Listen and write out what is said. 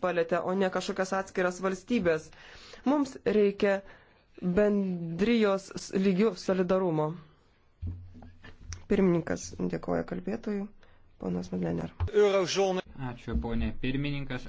palėtė, o ne kažkokias atskiras valstybės. Mums reikia bendrijos lygių solidarumo. Pirmininkas dėkoja kalbėtojui, ponas Medlener. Ačiū, ponė pirmininkas.